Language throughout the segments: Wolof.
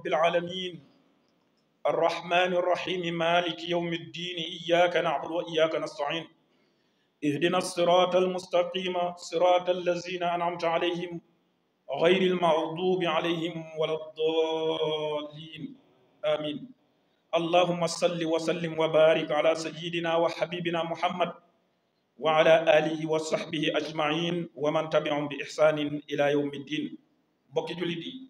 رب العالمين الرحمن الرحيم مالك يوم الدين إياك نعبد وإياك نستعين اهدنا الصراط المستقيم صراط الذين أنعمت عليهم غير المغضوب عليهم ولا الضالين آمين اللهم صل وسلم وبارك على سيدنا وحبيبنا محمد وعلى آله وصحبه أجمعين ومن تبعهم بإحسان إلى يوم الدين بكي جلدي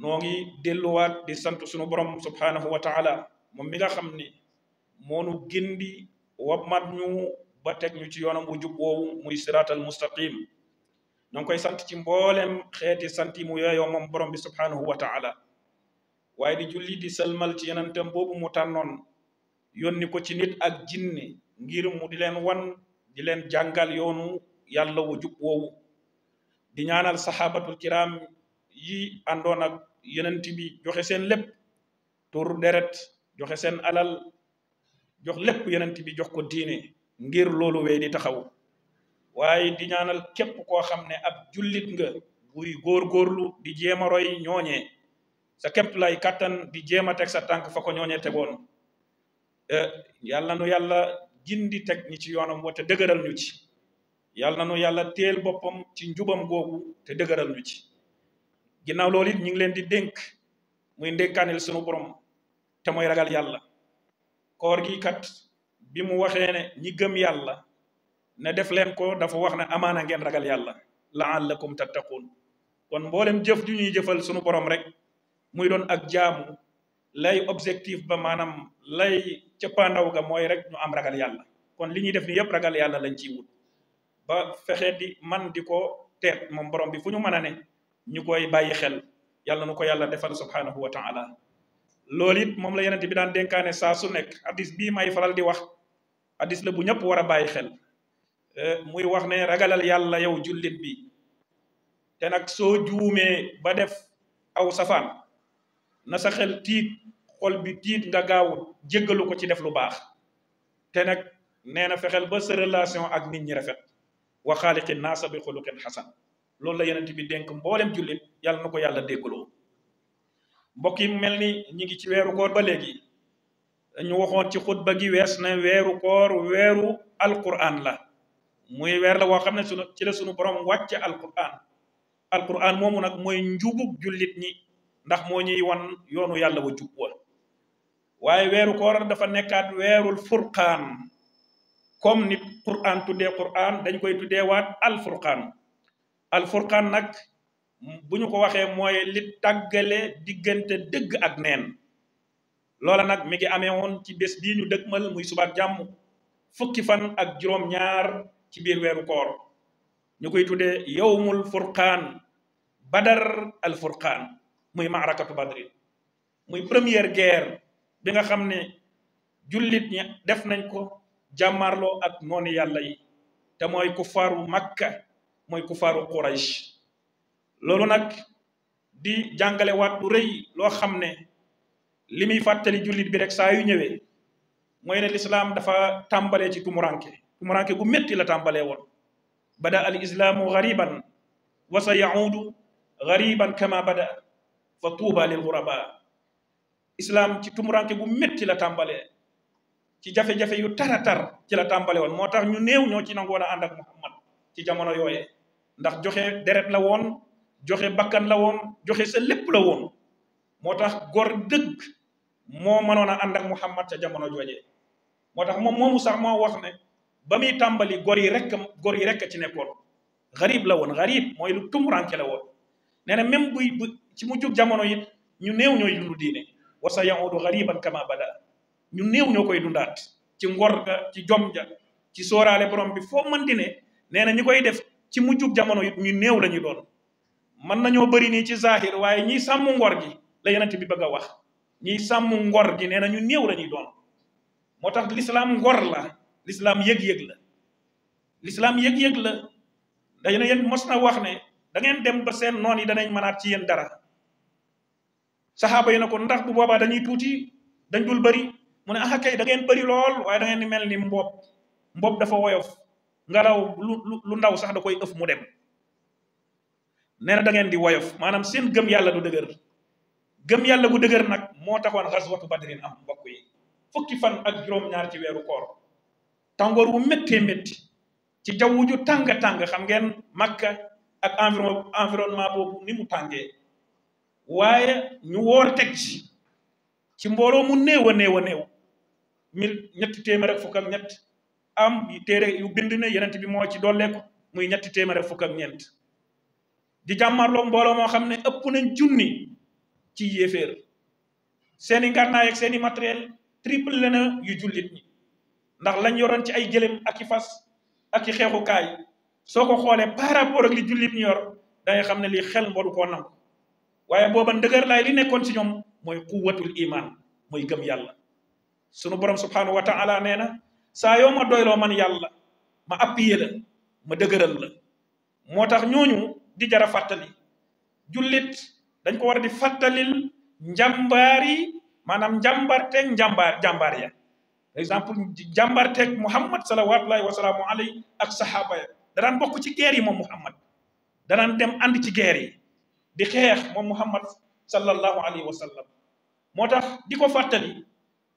noo ngi delluwaat di sant sunu borom subhanahu wa taala moom bi nga xam ni moonu gindi wammat ñu ba teg ñu ci yoonam wu jub woowu muy siraatal mustaqim noo ngi koy sant ci mboolem xeeti sant yi mu yeyoo moom borom bi subhanahu wa taala waaye di julli di sëlmal ci yenentam boobu mu tànnoon yónni ko ci nit ak jinne ngir mu di leen wan di leen jàngal yoonu yàlla wu jub woowu di ñaanal sahabatul kiram yi àndoon yenent bi joxe seen lépp tur deret joxe seen alal jox lépp yenent bi jox ko diine ngir loolu wey di taxaw waaye di ñaanal képp koo xam ne ab jullit nga buy góorgóorlu di jéem a roy ñooñee sa képp lay kàttan di jéem a teg sa tànk fa ko ñooñee tegoon eh, yàlla nu yàlla gindi teg ñi ci yoonam wa te dëgëral ñu ci yàlla nu yàlla teel boppam ci njubam googu te dëgëral ci ginnaaw loolu it ñu ngi leen di dénk muy ndékkaaneel sunu borom te mooy ragal yàlla koor gi kat bi mu waxee ne ñi gëm yàlla ne def leen ko dafa wax ne amaana ngeen ragal yàlla ta tattaquun kon mboolem jëf ju ñuy jëfal sunu borom rek muy doon ak jaamu lay objectif ba maanaam lay cëppaandaw ga mooy rek ñu am ragal yàlla kon li ñuy def ni yëpp ragal yàlla lañ ciy wut ba fexe di man di ko teet moom borom bi fu ñu mën a ne ñu koy bàyyi xel yàlla na ko yàlla defal subhanahu wa taala loolu it moom la yenente bi daan dénkaane saa su nekk hadis bii may faral di wax hadis la bu ñëpp war bàyyi xel muy wax ne ragalal yàlla yow julit bi te nag soo juumee ba def aw safaan na sa xel tiit xol bi tiit nga gaaw jéggalu ko ci def lu baax te nag nee na ba sa relation ak nit ñi rafet wa xaaliqi naasa bi xuluqin xasan loolu la yonent bi dénk mboolem jullit yàlla na ko yàlla déggloo mbokk yi mel ni ñi ngi ci weeru koor ba léegi ñu waxoon ci xutba gi wees na weeru koor weeru alquran la muy weer la woo xam ne sunu ci la sunu borom wàcce alquran alquran moomu nag mooy njubug jullit ñi ndax moo ñuy wan yoonu yàlla wa jub wa waaye weeru koor dafa nekkaat weerul furqaan comme nit quran tuddee quran dañ koy tuddee waat alfurqaan alfurqaan nag bu ñu ko waxee mooy li tàggale diggante dëgg ak neen loola nag mi ngi amee woon ci bés bii ñu dëgmal muy subaak jàmm fukki fan ak juróom-ñaar ci biir weeru koor ñu koy tuddee yowmul furqaan badar alfurqaan muy maarakatu badri muy premier guerre bi nga xam ne jullit ñi def nañ ko jàmmarloo ak noonu yàlla yi te mooy kuffaaru makka moy kufaru quraish lolu nak di jangale wat lu reuy lo xamne limi fatali julit bi rek sa yu ñewé moy ne l'islam dafa tambalé ci tumuranke tumuranke gu metti la tambalé won bada al Islam ghariban wa sayaud ghariban kama bada fa tuba lil ghuraba islam ci tumuranke gu metti la tambalé ci jafe jafé yu taratar ci la tambalé won motax ñu neew ñoo ci muhammad ci jamono yoyé ndax joxe deret la woon joxe bakkan la woon joxe sa lépp la woon moo tax gor dëgg moo mënoon a ànd ak Muhammad ca jamono jooje moo tax moom moomu sax moo wax ne ba muy tàmbali gor yi rek gor yi rek ci nekkoon xarib la woon xarib mooy lu tumuranke la woon nee na même buy bu ci mu mujjug jamono it ñu néew ñooy dund diine wa sa yaudu xariban kama bada ñu néew ñoo koy dundaat ci ngor ci jom ja ci sooraale borom bi foo mën di ne koy def ci mujjug jamono yit ñu neew lañu doon man nañu bari ni ci zahir waye ñi samung ngor gi la yenent bi bëgg wax ñi sàmm ngor gi neena ñu neew lañu doon motax l'islam ngor la l'islam yeg yeg la l'islam yeg yeg la da yeen mosna wax ne da ngeen dem ba seen non yi danañ mënaat ci yeen dara sahaba yi na ko ndax bu boba dañuy tuti dañ dul bari mune ah kay da ngeen bari lool waye da ngeen di mel ni dafa woyof ngelaw lu lu ndaw sax da koy ëf mu dem nee na da ngeen di woyof maanaam seen gëm yàlla du dëgër gëm yàlla gu dëgër nag moo taxoon xaswatu badrin am mbokk yi fukki fan ak juróom-ñaar ci weeru koor tàngoor wu méttee métti ci jaww ju tàng-tàng xam ngeen makka ak environ environnement boobu ni mu tàngee waaye ñu woor teg ci ci mbooloo mu néew a néew a néew mil ñetti téeméer ak fukk ak am téere yu bind na yonent bi moo ci dollee ko muy ñetti téeméer fukk ak ñeent di jàmmarloo mbooloo moo xam ne ëpp nañ junni ci yéeféer seen i ngànnaay ak seen matériel triple la na yu jullit ñi ndax lañ yoroon ci ay gëléem ak i fas ak i xeexukaay soo ko xoolee par rapport ak li jullit ñi yor dangay xam ne lii xel mboolu ko nangu waaye booba ndëgër laay li nekkoon ci ñoom mooy quwwatul iman mooy gëm yàlla sunu borom subhanahu wa taala nee na saa yoo ma doyloo man yàlla ma appuyer la ma dëgëral la moo tax ñooñu di jara fàttali jullit dañ ko war a di fàttalil njàmbaar yi maanaam njàmbaarteeg njàmbaar jàmbaar ya par exemple jàmbaarteeg Muhammad salawaatullahi wasalaamu alayhi ak sahaaba ya danaan bokk ci guerre yi moom Muhammad danaan dem ànd ci guerre yi di xeex moom Muhammad sallallahu alayhi wa sallam moo tax di ko fàttali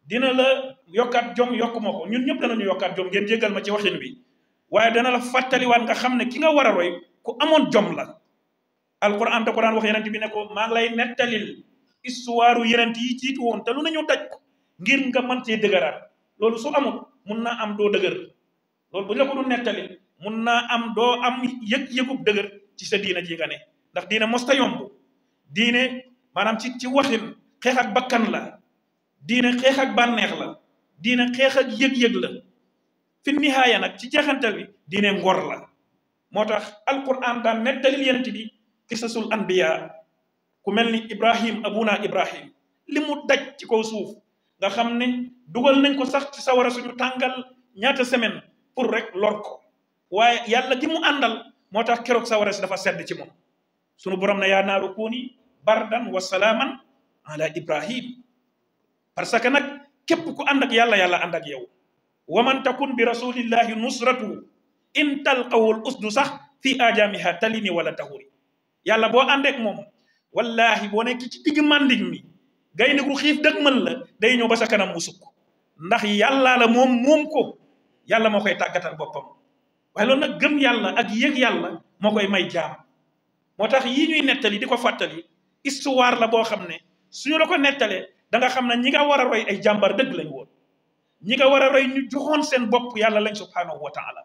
dina la yokkaat jom yokk ma ko ñun ñëpp danañu yokkaat jom ngeen jéggal ma ci waxin bi waaye dana la fàttali fàttaliwaat nga xam ne ki nga war a roy ku amoon jom la alquran da ko daan wax yenent bi ne ko maa ngi lay nettalil histoire yenent yi woon te lu nañu daj ko ngir nga man cee dëgëraat loolu su amul mun na am doo dëgër loolu bu ñu la nettali du mun naa am doo am yëg-yëgub dëgër ci sa diina ji nga ne ndax diina mos ta yomb diine maanaam ci ci waxin xeexaat ak bakkan la diine xeex ak bànneex la diine xeex ak yëg-yëg la fi nihaaya nag ci jeexantal bi diine ngor la moo tax alquran daan nettali yent bi qisasul anbiya ku mel ni ibrahim abuna ibrahim li mu daj ci kaw suuf nga xam ne dugal nañ ko sax ci sawara tàngal ñaata semaine pour rek lor ko waaye yàlla gi mu àndal moo tax keroog sawara dafa sedd ci moom sunu borom na yaa naaru kuuni bardan wa salaaman ala ibrahim parce que nag képp ku ànd ak yàlla yàlla ànd ak yow wa man takun bi rasulillahi nusratu in talqawul usdu sax fi ajamiha talini wala tahuri yàlla boo àndeek moom wallahi boo nekk ci digg màndig mi gaynde gu xiif mën la day ñëw ba sa kanam mu sukk ndax yàlla la moom moom ko yàlla moo koy tàggatal boppam waaye loolu nag gëm yàlla ak yëg yàlla moo koy may jaam moo tax yii ñuy nettali di ko fàttali histoire la boo xam ne suñu la ko nettalee da nga xam ne ñi nga war a roy ay jàmbar dëgg lañ woon ñi nga war a roy ñu joxoon seen bopp yàlla lañ subhanahu wa taala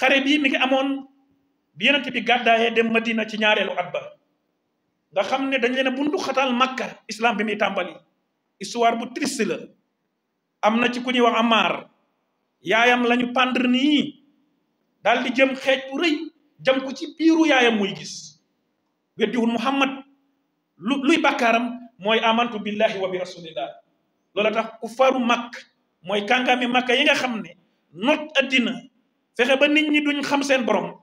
xare bi mi ngi amoon bi yonente bi gàddaayee dem madina ci ñaareelu at ba nga xam ne dañ leen bundu xatal makka islam bi muy tàmbali histoire bu triste la am na ci ku ñuy wax amar yaayam lañu pandre nii daal di jëm xeej bu rëy jam ko ci biiru yaayam muy gis weddiwul muhammad luy bàkkaaram mooy amantu billahi wa bi rasulillah loola tax ku faru màkk mooy kàngami màkka yi nga xam ne not addina fexe ba nit ñi duñ xam seen borom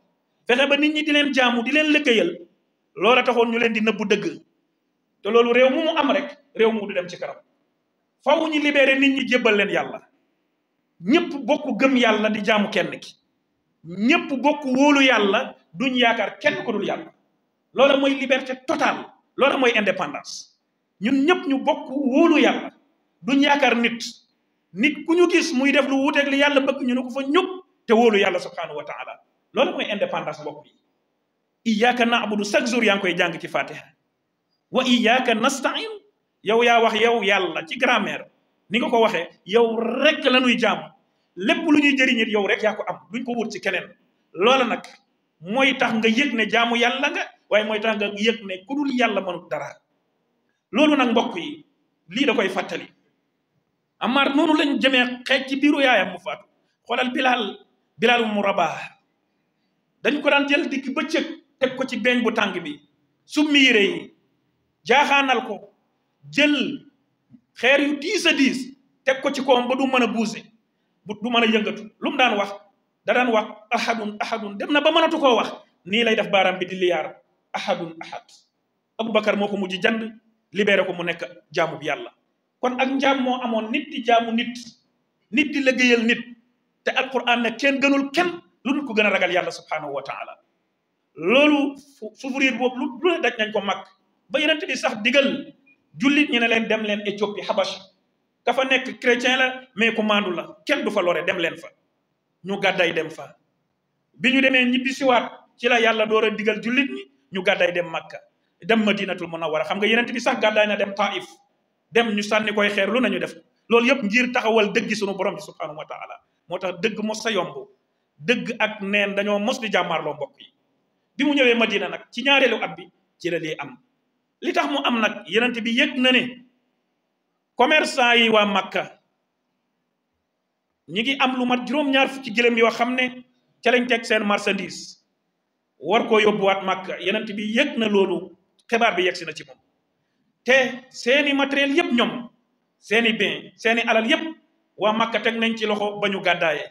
fexe ba nit ñi di leen jaamu di leen lëggéeyal loola taxoon ñu leen di nëbbu dëgg te loolu réew mu mu am rek réew mu du dem ci karam faw ñu libéré nit ñi jébbal leen yàlla ñëpp bokk gëm yàlla di jaamu kenn ki ñëpp bokk wóolu yàlla duñ yaakaar kenn ko dul yàlla loola mooy liberté totale loola mooy indépendance ñun ñëpp ñu bokk wóolu yàlla duñ yaakaar nit nit ku ñu gis muy def lu wuuteeg li yàlla bëgg ñu ne ko fa ñëpp te wóolu yàlla subhanahu wa taala loolu mooy indépendance mbokk yi iyyaka na'budu chaque jour yaa ngi koy jàng ci fatiha wa iyyaka nasta'in yow yaa wax yow yàlla ci grammaire ni nga ko waxee yow rek la ñuy jaamu lépp lu ñuy jëriñit yow rek yaa ko am duñ ko wut ci keneen loola nag mooy tax nga yëg ne jaamu yàlla nga waaye mooy tax nga yëg ne ku dul yàlla mënut dara loolu nak mbokk yi li da koy fatali amar nonu lañ jëmé xéj ci biiru yaayam mu fatu xolal bilal bilal mu rabaa dañ ko dan jël dik beccëk tek ko ci beñ bu tàng bi su miire yi jaaxanal ko jël xeer yu 10 a 10 tek ko ci koom ba du mën a bu du mën a yëngatu lu mu daan wax da daan wax ahadun ahadun dem na ba mënatu koo wax nii lay def baaraam bi di liyaar ahadun ahad abubakar moo ko mujj jand libéré ko mu nekk jaamu yàlla kon ak njaam moo amoon nit di jaamu nit nit di liggéeyal nit te alquran ne kenn gënul kenn lu dul ko gën a ragal yàlla subhanahu wa taala loolu souffrir boobu lu lu daj nañ ko mag ba yonent bi sax digal jullit ñi ne leen dem leen Éthiopie Habacha ka fa nekk chrétien la mais ku maandu la kenn du fa lore dem leen fa ñu gàdday dem fa bi ñu demee ñibbisiwaat ci la yàlla door a digal jullit ñi ñu gàdday dem Makka dem madinatul munawwara xam nga yenente bi sax gàddaay dem taif dem ñu sanni koy xeer lu nañu def lool yëpp ngir taxawal dëgg sunu borom bi subhanahu wa taala motax tax dëgg mos sa yomb dëgg ak neen dañoo mos di lo mbokk yi bi mu ñëwee madina nak ci ñaarelu at bi ci la lii am li tax mu am nak yenente bi yëg na ne commerçant yi wa makka ñi ngi am lu mat juróom ñaar fukki gëlëm yoo xam ne ca lañ teg seen marchandise war koo yóbbuwaat makka yenente bi yëg na loolu xibaar bi yegsi na ci moom te seeni matériel yëpp ñoom seeni bien seeni alal yëpp waa Makka teg nañ ci loxo ba ñu gàddaayee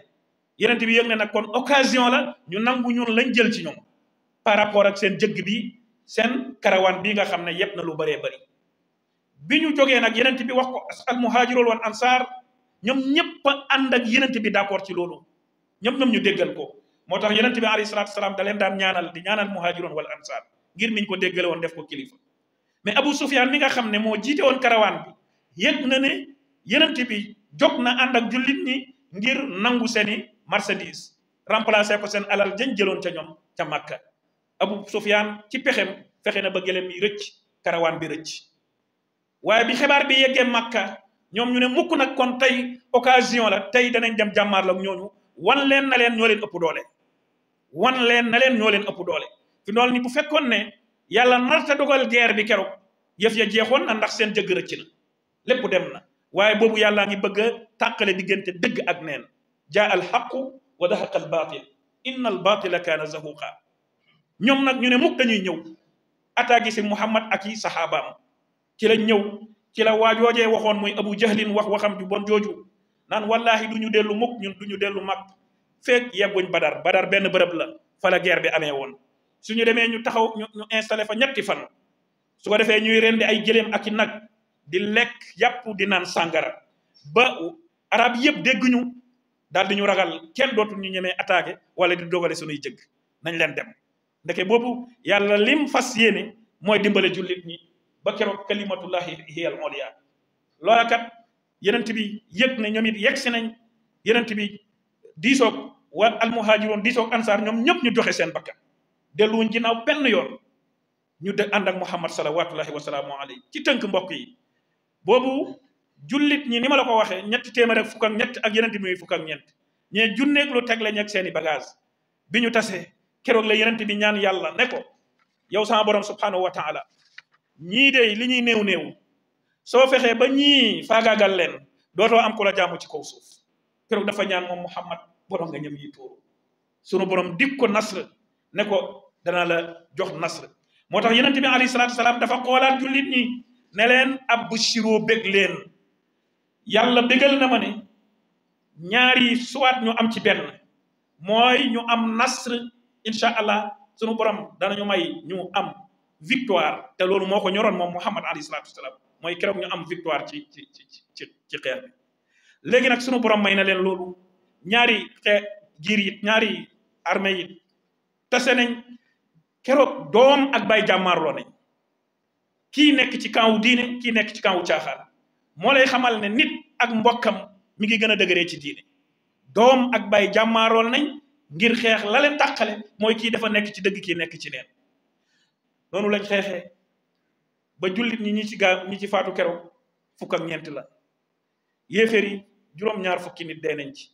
yeneen bi yëg ne nag kon occasion la ñu nangu ñun lañ jël ci ñoom par rapport ak seen jëgg bi seen karawaan bii nga xam ne yëpp na lu bëree bari bi ñu jógee nag yeneen bi wax ko al muhaajiroon wal ansaar ñoom ñëpp a ànd ak yeneen bi d'accord ci loolu ñoom ñoom ñu déggal ko moo tax yeneen bi alayhi salaatu salaam da leen daan ñaanal di ñaanal muhaajiroon wal ansaar ngir niñ ko déggale def ko kilifa mais Abu Sufyaan mi nga xam ne moo jiite woon karawaan bi yëg na ne yenent bi jog na ànd ak jullit ñi ngir nangu seeni marchandise remplacer ko seen alal jën jëloon ca ñoom ca Makka Abu Sufyaan ci pexem fexe na ba gëlëm yi rëcc karawaan bi rëcc waaye bi xibaar bi yeggee Makka ñoom ñu ne mukk nag kon tey occasion la tey danañ dem jàmmaar la ñooñu wan leen na leen ñoo leen ëpp doole wan leen na leen ñoo leen ëpp doole fi nool ni bu fekkoon ne yàlla narta dogal guerre bi keroog yëf ya jeexoon na ndax seen jëgg rëcc na lépp dem na waaye boobu yàllaa ngi bëgg a diggante dëgg ak neen jaa al xaqu wa dahaqa al batil inna al batila kaana zahuqa ñoom nag ñu ne mukk dañuy ñëw attaque si muhammad ak yi saxaabaam ci la ñëw ci la waajoojee waxoon muy abu jahlin wax waxam ju bon jooju naan wallahi du ñu dellu mukk ñun du ñu dellu mag feeg yegguñ badar badar benn bërëb la fala geer bi amee woon su ñu demee ñu taxaw ñu ñu fa ñetti fan su ko defee ñuy rendi ay gëléem ak i nag di lekk yàpp di naan sàngara ba arab yëpp dégg ñu daal di ñu ragal kenn dootul ñu ñemee attaqué wala di dogale suñuy jëgg nañ leen dem ndeke boobu yàlla lim fas yéene mooy dimbale jullit ñi ba keroog kalimatullahi hiyal moliya loola kat yenent bi yëg ne ñoom it yegg si nañ yenent bi diisoog wa almuhaajiroon diisoog ansaar ñoom ñëpp ñu joxe seen bakkan delluwuñ ginnaaw benn yoon ñu de ànd ak muhammad salawatullahi wa salaamu alayhi ci tënk mbokk yi boobu jullit ñi ni ma la ko waxee ñetti téeméer ak fukk ñett ak yeneen bi fukk ak ñeent ñee junneeg lu teg le ak seeni bagage bi ñu tasee keroog la yeneen bi ñaan yàlla ne ko yow sama borom subhanahu wa ñii de li ñuy néew néew soo fexee ba ñii faagaagal leen dootoo am ku la jaamu ci kaw suuf keroog dafa ñaan moom muhammad borom nga ñëm yi tuuru sunu borom dik ko nasr ne ko danaa la jox nasr moo tax yonent bi alayhi salaatu salaam dafa xoolaat jullit ñi ne leen ab bishiroo bég leen yàlla bégal na ma ne ñaari suwaat ñu am ci benn mooy ñu am nasr incha allah sunu borom danañu may ñu am victoire te loolu moo ko ñoroon moom Muhammad alayhi salaatu salaam mooy keroog ñu am victoire ci ci ci ci ci xeex léegi nag sunu borom may na leen loolu ñaari xee giir yi ñaari armée yi tase nañ. keroog doom ak baay jàmmaarloo nañ kii nekk ci camp wu diine kii nekk ci camp wu caaxaan moo lay xamal ne nit ak mbokkam mi ngi gën a dëgëree ci diine doom ak baay jàmmaarool nañ ngir xeex lale leen mooy kii dafa nekk ci dëgg ki nekk ci neen noonu lañ xeexee ba jullit ñi ñi ci gaa ñi ci faatu keroog fukk ak ñeent la yéeféer yi juróom-ñaar fukki nit dee nañ ci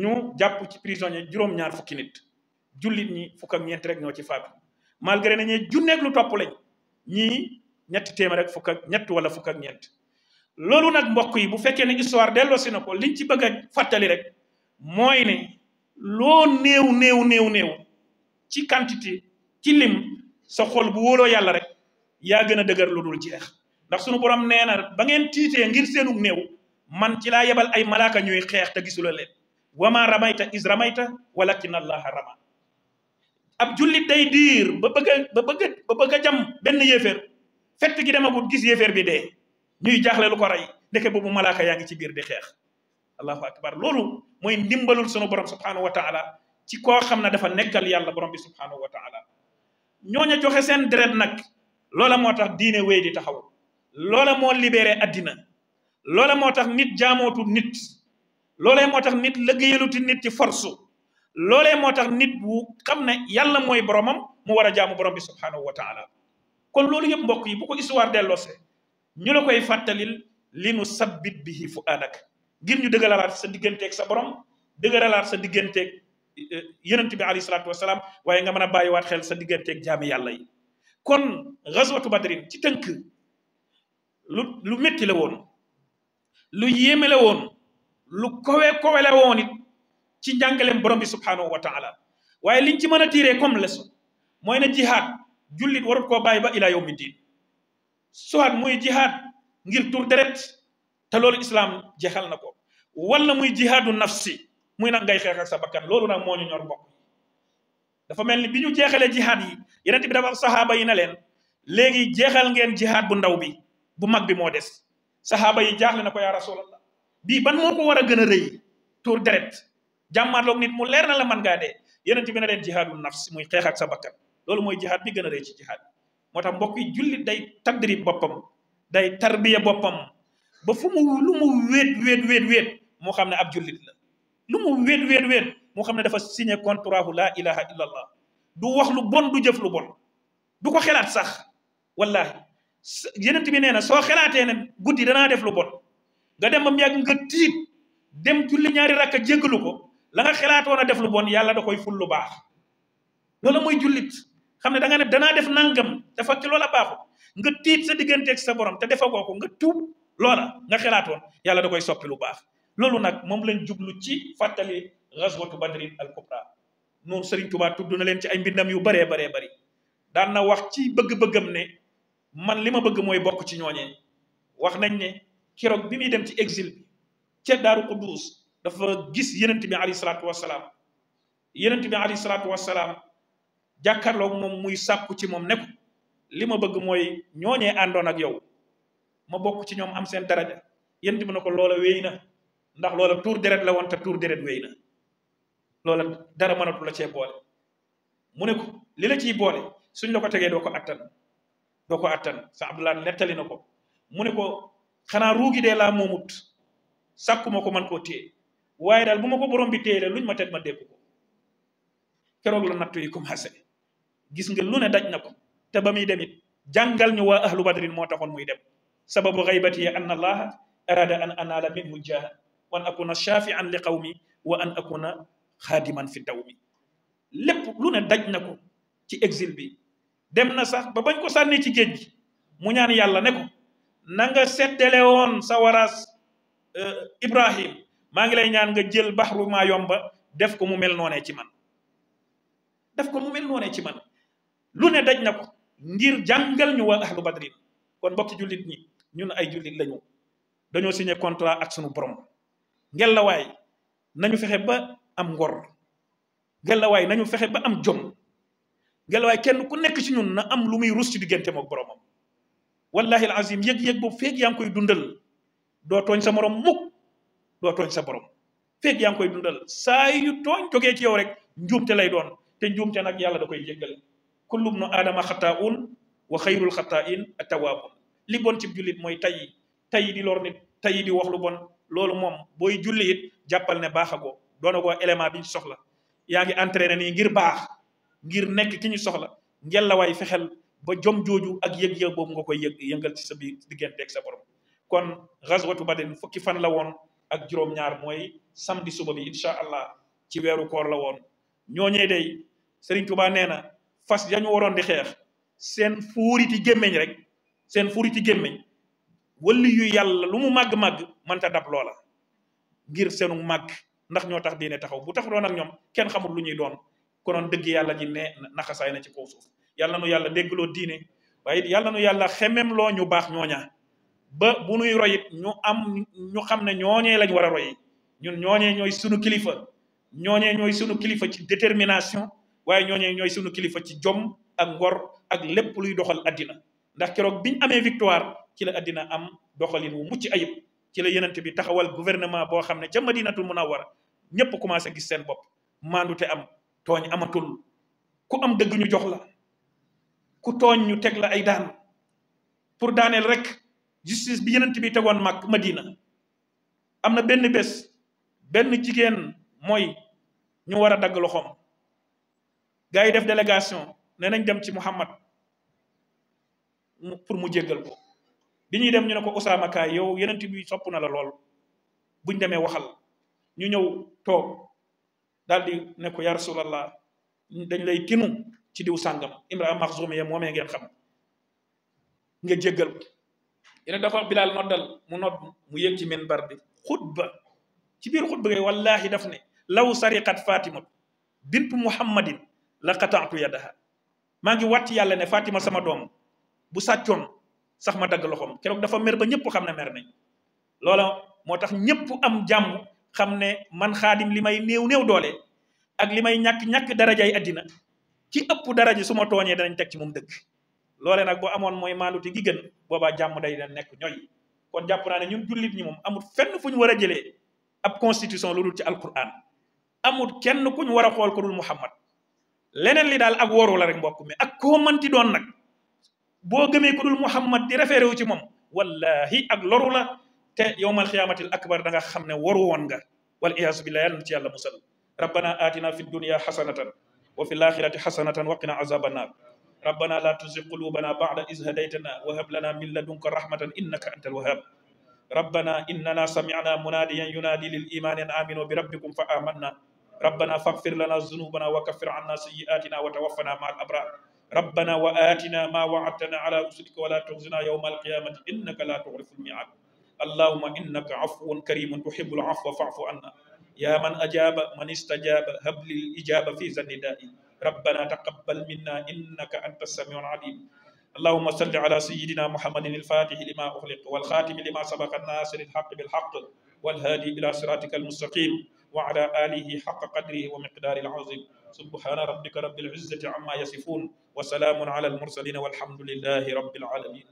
ñu jàpp ci prisonnier juróom-ñaar fukki nit jullit ñi fukk ak ñeent rek ñoo ci faatu malgré ne ñee junneeg lu topp lañ ñii ñetti téeméer rek fukk ak wala fukk ak ñeent. loolu nag mbokk yi bu fekkee ne histoire delloosi na ko liñ ci bëgg a fàttali rek mooy ne loo néew néew néew néew ci quantité ki lim sa xol bu wóoloo yàlla rek yaa gën a dëgër lu dul jeex ndax sunu borom nee na ba ngeen tiitee ngir seenu néew man ci laa yebal ay malaaka ñuy xeex te gisula leen wama ramayta is ramayta walakin allaha rama ab jullit day diir ba bëgg a ba bëgg ba bëgg a jam benn yéeféer fett gi demagul gis yéeféer bi dee ñuy jaaxle lu ko rey ndeke mu malaaka yaa ngi ci biir di xeex allahu akbar loolu mooy ndimbalul sunu borom subhanahu wa taala ci koo xam ne dafa nekkal yàlla borom bi subhanahu wa taala ñooña joxe seen deret nag loola moo tax diine wéy di taxaw loola moo libéré addina loola moo tax nit jaamootu nit loolee moo tax nit lëggéeyaluti nit ci force loolee moo tax nit bu xam ne yàlla mooy boromam mu war a jaamu borom bi subhanahu wa taala kon loolu yëpp mbokk yi bu ko histoire delloosee ñu la koy fàttalil li nu sabbit bihi fu aadak ngir ñu dëgëralaat sa digganteek sa borom dëgëralaat sa digganteeg eh, yonent bi alayhi salaatu waaye nga mën a waat xel sa digganteeg jaami yàlla yi kon ghazwatu badrin ci tënk lu lu métti la woon lu yéeme la woon lu kowe kowe la woon ci njàngaleem borom bi subhaanahu wa taala waaye liñ ci mën a tiiree comme leçon mooy ne jihaad jullit warut koo bàyyi ba ilaa yawmi diin soit muy jihaad ngir tur deret te loolu islaam jeexal na ko wala muy jihaadu nafsi muy nag ngay xeex sa bakkan loolu nag moo ñu ñor mbokk dafa mel ni bi ñu jeexalee jihaad yi yeneen bi dafa saxaaba yi na leen léegi jeexal ngeen jihaad bu ndaw bi bu mag bi moo des saxaaba yi jaaxle na ko yaa rasulallah bii ban moo ko war a gën a rëy tur deret jàmmaarloog nit mu leer na la man ngaa de yonent bi ne leen jihaadul nafs muy xeex ak sa bakkan loolu mooy jihaad bi gën a rëy ci jihaad moo tax mbokk yi jullit day tadrib boppam day tarbiya boppam ba fu mu lu mu wéet wéet wéet moo xam ne ab jullit la lu mu wéet wéet moo xam ne dafa signé contrat la ilaha illallah du wax lu bon du jëf lu bon du ko xelaat sax wallahi yonent bi nee na soo xelaatee ne guddi danaa def lu bon nga dem ba mu yàgg nga tiit dem julli ñaari rakka jéggalu ko la nga a def lu bon yàlla da koy ful lu baax loolu mooy jullit xam ne da ne danaa def nangam te fekk a baaxul nga tiit sa digganteek sa borom te defa ko nga tuub loola nga xalaatoon yàlla da koy soppi lu baax loolu nag moom lañ jublu ci fàttali ghazwatu badrin al kubra noonu Serigne Touba tudd na leen ci ay mbindam yu baree baree bari daan na wax ci bëgg-bëggam ne man li ma bëgg mooy bokk ci ñooñee wax nañ ne keroog bi muy dem ci exil bi ca Daaru Quddus dafa gis yenent bi alayhi salaatu wasalaam yenent bi alayhi salaatu wasalaam jàkkaarloog moom muy sàkku ci moom ne li ma bëgg mooy ñooñee àndoon ak yow ma bokk ci ñoom am seen daraja yenent bi ne ko loola wéy na ndax loola tuur deret la woon te tuur deret wéy na loola dara mënatu la cee boole mu ne ko li la ciy boole suñ la ko tegee doo ko attan doo ko sa abdoulaye nettali na ko mu ne ko xanaa ruugi dee laa moomut sàkkuma ko man koo téye waaye daal bu ma ko borom bi téyelee luñ ma teg ma dégg ko keroog la nattu yi commencé gis nga lu ne daj na ko te ba muy demit jàngal ñu waa ahlu badrin moo taxoon muy dem sababu xaybati anna allaha arada an anaala minhu jaaha wa an akuna shafian li qawmi wa an akuna xaadiman fi daw mi lépp lu ne daj na ko ci exil bi dem na sax ba bañ ko sànni ci géej gi mu yàlla ne ko na nga seddale woon sa waraas euh, Ibrahim maa ngi lay ñaan nga jël baxru maa yomba def ko mu mel noonee ci man def ko mu mel noonee ci man lu ne daj na ko ngir jàngal ñu waa ahlu badrin kon mbokki jullit ñi ñun ay jullit lañu dañoo signé contrat ak sunu borom ngelawaay nañu fexe ba am ngor ngelawaay nañu fexe ba am jom ngelawaay kenn ku nekk ci ñun na am lu muy rus ci diggante mook boromam wallahi alazim yëg-yëg boobu feeg yaa ngi koy dundal doo tooñ sa morom mukk doo tooñ sa borom feeg yaa koy dundal saa yu tooñ jógee ci yow rek te lay doon te njuumte nag yàlla da koy jéggal kullum nu aadama xataa un wa xayrul xata in tawaabun li bon ci jullit mooy tayyi tayyi di lor nit tayyi di wax lu bon loolu moom booy julli it jàppal ne baax a ko doona ko élément bi ñu soxla yaa ngi entraîné nii ngir baax ngir nekk ki ñu soxla ngelawaay fexel ba jom jooju ak yëg-yëg boobu nga koy yëg yëngal ci sa biir digganteeg sa borom kon gazwatu fan la woon ak juróom-ñaar mooy samedi suba bi incha allah ci weeru koor la woon ñooñee day Serigne Touba nee na fas yañu waroon di xeex seen fuuriti gémmeñ rek seen fuuriti gémmeñ wëlli yu yàlla lu mu màgg-màgg mënta dab loola ngir seenu màgg ndax ñoo tax diine taxaw bu tax doon ak ñoom kenn xamul lu ñuy doon konoon dëgg yàlla ji ne naxasaay na ci kaw suuf yàlla nu yàlla déggloo diine waaye yàlla nu yàlla xemem loo ñu baax ñooña ba bu nuy roy it ñu am ñu xam ne ñooñee lañ war a roy ñun ñooñee ñooy sunu kilifa ñooñee ñooy sunu kilifa ci détermination waaye ñooñee ñooy sunu kilifa ci jom ak ngor ak lépp luy doxal addina ndax keroog biñ amee victoire ci la addina am doxalin wu mucc ayib ci la yenent bi taxawal gouvernement boo xam ne ca madinatul a ñëpp commencé gis seen bopp te am tooñ amatul ku am dëgg ñu jox la ku tooñ ñu teg la ay daan pour daaneel rek justice bi yenent bi tegoon mag ma Madina am na benn bés benn jigéen mooy ñu war a dagg loxoom gars yi def délégation nee nañ dem ci Muhammad pour mu jéggal ko bi ñuy dem ñu ne ko Usaama kaay yow yenent bi sopp na la lool buñ demee waxal ñu ñëw toog daal di ne ko yaa rasulallah dañ lay tinu ci diw sàngam imra maxzumi ya moomee ngeen xam nga jéggal yéen dafa wax Bilaal noddal mu nodd mu yëg ci minbar bi xutba ci biir xutba gi wallahi daf ne law sariqat fatimatu bint muhammadin la qataatu yadaha maa ngi wàtt yàlla ne fatima sama doom bu sàccoon sax ma dagg loxoom keroog dafa mer ba ñëpp xam ne mer nañ loola moo tax ñëpp am jàmm xam ne man xaadim li may néew néew doole ak li may ñàkk ñàkk darajay àddina ci ëpp daraja su ma tooñee danañ teg ci moom dëkk lolé nak bo amone moy maandute gi gën boba jàmm day leen nek ñoy kon jàpp na ne ñun jullit ñi mom amul fenn fu wara jëlé ab constitution lu ci alquran amul kenn kuñ wara xol ko dul muhammad leneen li daal ak woro la rek mbokk mi ak koo mënti doon nak bo gëmé ko dul muhammad di référé wu ci mom wallahi ak loru la te yowmal xiyaamatil akbar da nga xamne ne waru woon nga wal iyas billahi yàlla ci yàlla musal ربنا آتنا في الدنيا حسنة وفي الآخرة حسنة وقنا عذاب النار ربنا لا تزغ قلوبنا بعد إذ هديتنا وهب لنا من لدنك رحمة إنك أنت الوهاب ربنا إننا سمعنا مناديا ينادي للإيمان أن آمنوا بربكم فآمنا ربنا فاغفر لنا ذنوبنا وكفر عنا سيئاتنا وتوفنا مع الأبرار ربنا وآتنا ما وعدتنا على رسلك ولا تخزنا يوم القيامة إنك لا تغرف الميعاد اللهم إنك عفو كريم تحب العفو فاعف عنا يا من أجاب من استجاب هب لي الإجابة في زن دائي ربنا تقبل منا إنك أنت السميع العليم اللهم صل على سيدنا محمد الفاتح لما أغلق والخاتم لما سبق الناصر الحق بالحق والهادي إلى صراطك المستقيم وعلى آله حق قدره ومقدار العظيم سبحان ربك رب العزة عما يصفون وسلام على المرسلين والحمد لله رب العالمين